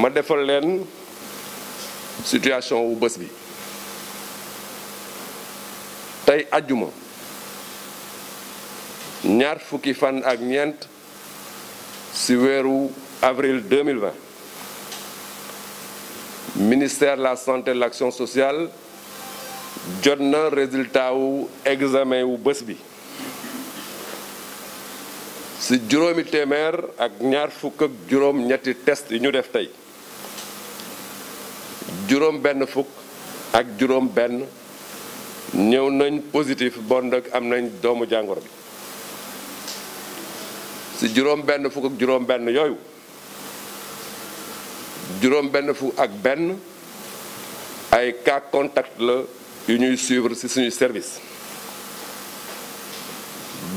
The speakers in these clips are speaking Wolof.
ma defal leen situation wu bés bi tey ajjuma ñaar fukki fan ak ci avril 2020 ministère de la santé et de l'action sociale Journal na résultat wu examen ou bés bi ci juróomi maire, ak ñaar fukk ak juróom ñetti test yi ñu def juróom ben fuk, ak juróom ben, ñew nañ positif bon nag am nañ doomu jangor bi ci ben benn fukk ak juróom ben yooyu juróom ben fuk ak ben ay ka contact la yu ñuy suivre ci suñu service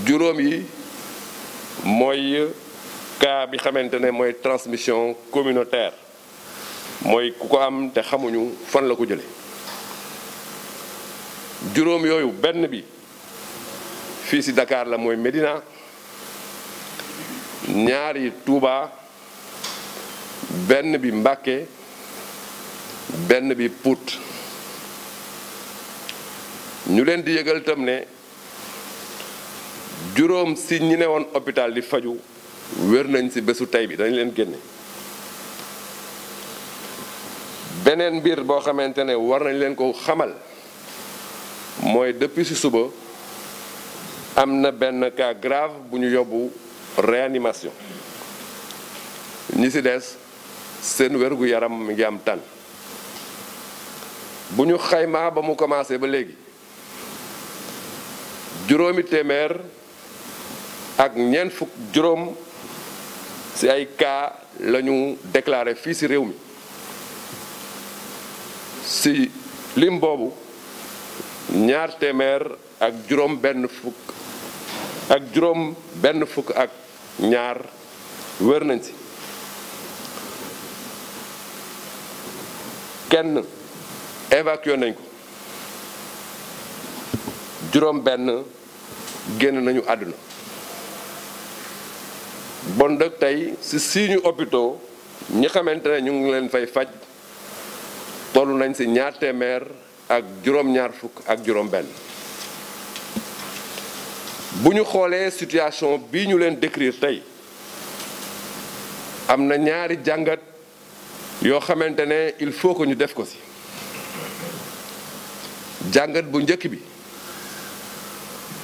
juróom yi moy ka bi xamantene moy transmission communautaire mooy ku ko am te xamuñu fan la ko jële juróom yooyu benn bi fii ci dakaar la mooy Médina ñaari Touba benn bi mbakke benn bi Pout ñu leen di yëgal tam ne juróom si ñi ne woon hôpital di faju wér nañ ci bésu tey bi dañ leen génne beneen mbir boo xamante ne war nañ leen ko xamal mooy depuis ci suba am na benn cas grave bu ñu yóbbu réanimation ñi ci des seen wérgu yaram mi ngi am tànn bu ñu xaymaa ba mu commencé ba léegi juróomi téeméer ak ñeent fukk juróom ci ay kaa lañu ñu fii ci réew mi ci lim boobu ñaar téeméer ak juróom benn fukk ak juróom benn fukk ak ñaar wër nañ si kenn évacué nañ ko juróom benn génn nañu àdduna bon dëkk tey ci siñu hôpitaux ñi xamante ne ñu ngi leen fay faj tolu nañ ci ñaar téeméer ak juróom-ñaar fukk ak juróom-benn buñu xolé situation bi ñu leen décrire tay amna ñaari jangat yo xamantene il faut que ñu def ko ci jangat bu ñëk bi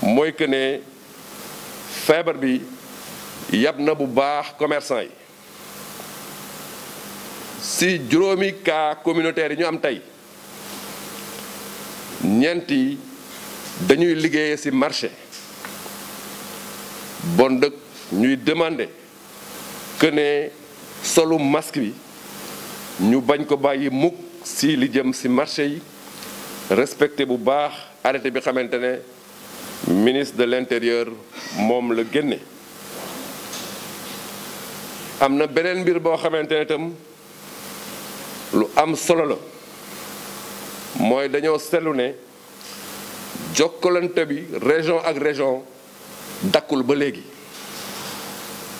moy que né feebar bi yab na bu baax commerçant yi si juróomi kaa communautaire yi ñu am tey ñeent yi dañuy liggéeyee ci marché bon dëkk ñuy demande que ne solu masque bi ñu bañ ko bàyyi mukk ci li jëm ci marché yi respecté bu baax arrêté bi xamante ne ministre de l'intérieur moom la génne am na beneen mbir boo xamante ne tam lu am solo la mooy dañoo bi région ak région dakkul ba léegi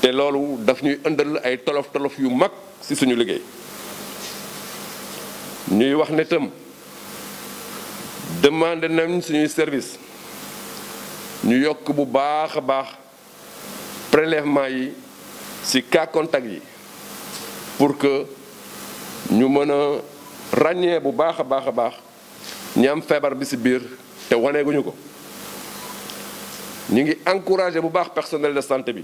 te loolu daf ñuy ay tolof tolof yu mag suñu liggéey ñuy wax ne tam nañ service ñu yokk bu baax baax prélèvement cas pour que ñu mën ragné bu baax a baax ñi am feebar bi ci té te guñu ko ñi ngi encourager bu baax personnel de santé bi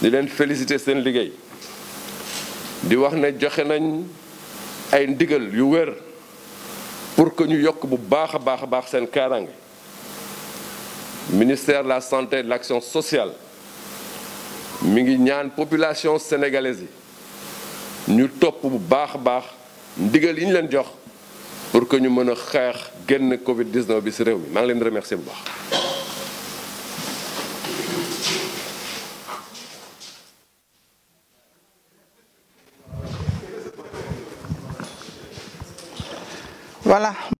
di len féliciter seen liggéey di wax né joxé nañ ay ndigal yu wër pour que ñu yok bu baax a baax a seen ministère de la santé et de l'action sociale mi ngi ñaan population sénégalaise yi ñu top bu baax a baax ndigal yi ñu leen jox pour que ñu mën a xeex Covid 19 bi ci réew mi beaucoup. ngi leen remercier bu baax. Voilà.